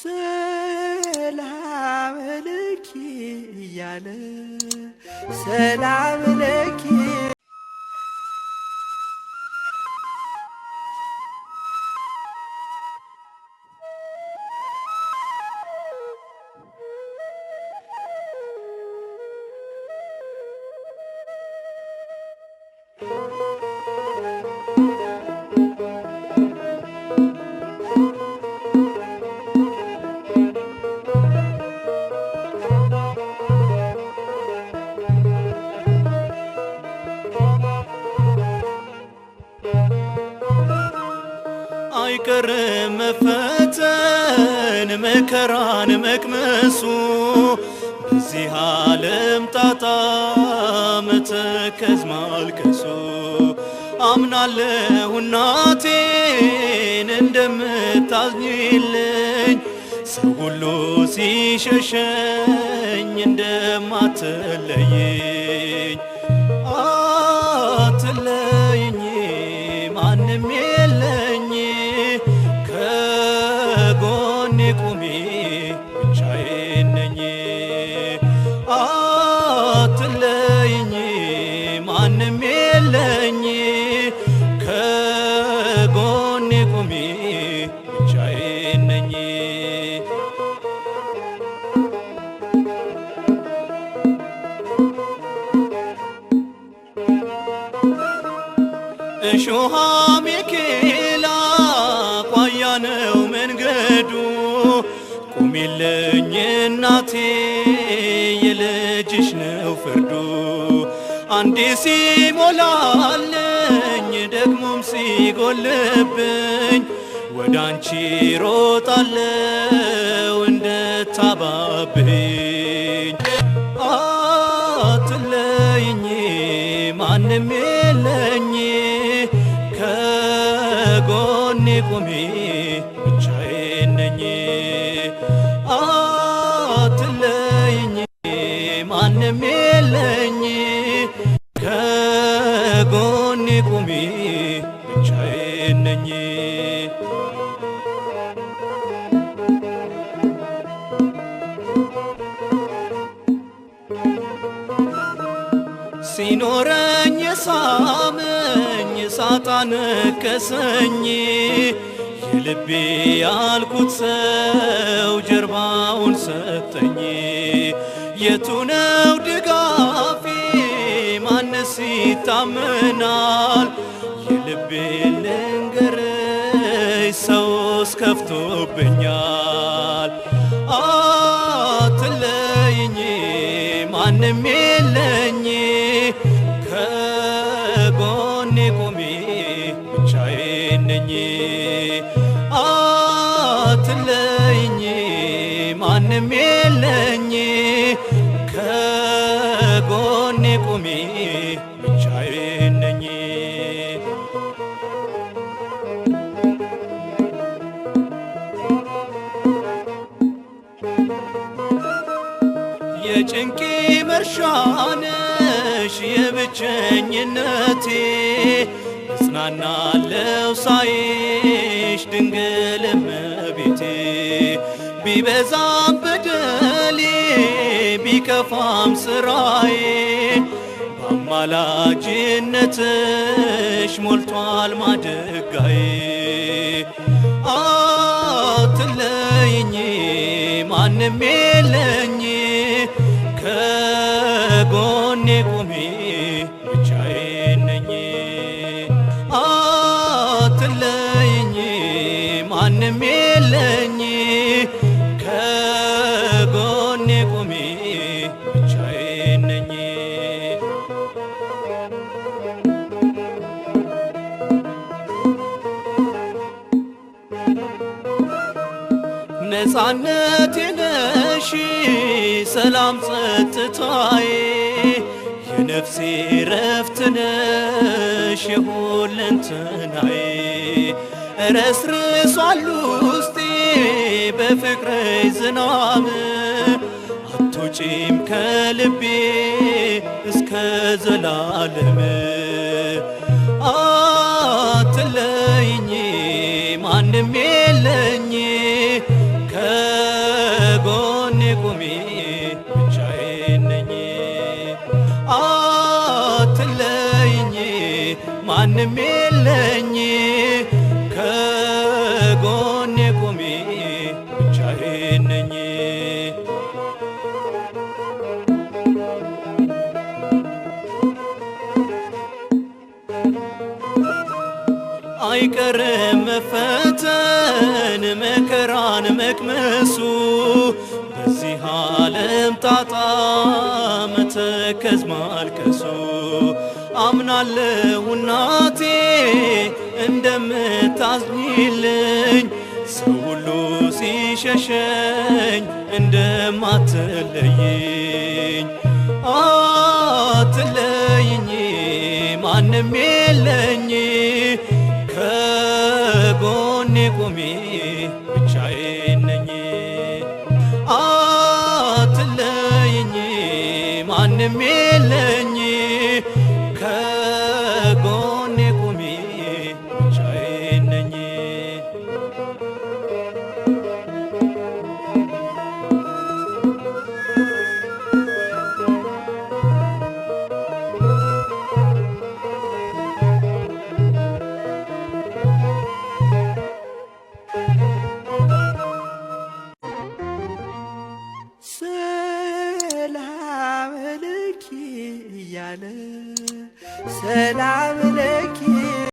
ሰላም ልኪ እያለ ሰላም ነገር መፈተን መከራን መቅመሱ በዚህ ዓለም ጣጣ መተከዝ ማልቀሱ አምናለሁ እናቴን እንደምታዝኝልኝ ሰው ሁሉ ሲሸሸኝ እንደማትለይኝ ከጎኔ ቁሚ ብቻዬን ነኝ። እሾሃ ሚኬላ ቋያ ነው መንገዱ ቁሚልኝ እናቴ የልጅሽ ነው ፍርዱ አንዴ ሲሞላል ደግሞም ሲጎልብኝ ወደ አንቺ ሮጣለው እንደታባብኝ አትለይኝ ማንም የለኝ ከጎኔ ቁሚ ብቻዬን ነኝ አትለይኝ ማንም ሲኖረኝ ሳመኝ ሳጣን ከሰኝ የልቤ ያልኩት ሰው ጀርባውን ሰጠኝ። የቱ ነው ድጋፌ? ማንስ ይታመናል? የልቤ ልንገርሽ ሰውስ ከፍቶብኛል። አትለይኝ ማንም ቁሚ ብቻዬን ነኝ የጭንቂ መርሻነሽ የብቸኝነቴ እጽናናለሁ ሳይሽ ድንግል እመቤቴ ቢበዛም በደሌ ቢከፋም ስራዬ በአማላጅነትሽ ሞልቷል ማደጋዬ። አትለይኝ ማንም የለኝ ከጎኔ ቆሜ ብቻዬ ነኝ አትለይ ነፃነት የነሺ ሰላም ጸጥታዬ የነፍሴ ረፍት ነሽ የሁለንትናዬ ረስርሷል ውስጤ በፍቅር ዝናም አትውጪም ከልቤ እስከ ዘላለም አትለ ቁሚ ብቻዬን ነኝ አትለይኝ ማንም የለኝ ከጎኔ ቁሚ ብቻዬን ነኝ አይቀርም መፈተን መከራን መቅመሱ ዓለም ጣጣ መተከዝ ማልቀሱ አምናለሁ እናቴ እንደምታዝኝልኝ ሰው ሁሉ ሲሸሸኝ እንደማትለይኝ አትለይኝ ማንም የለኝ ከጎኔ ቁሚ ምን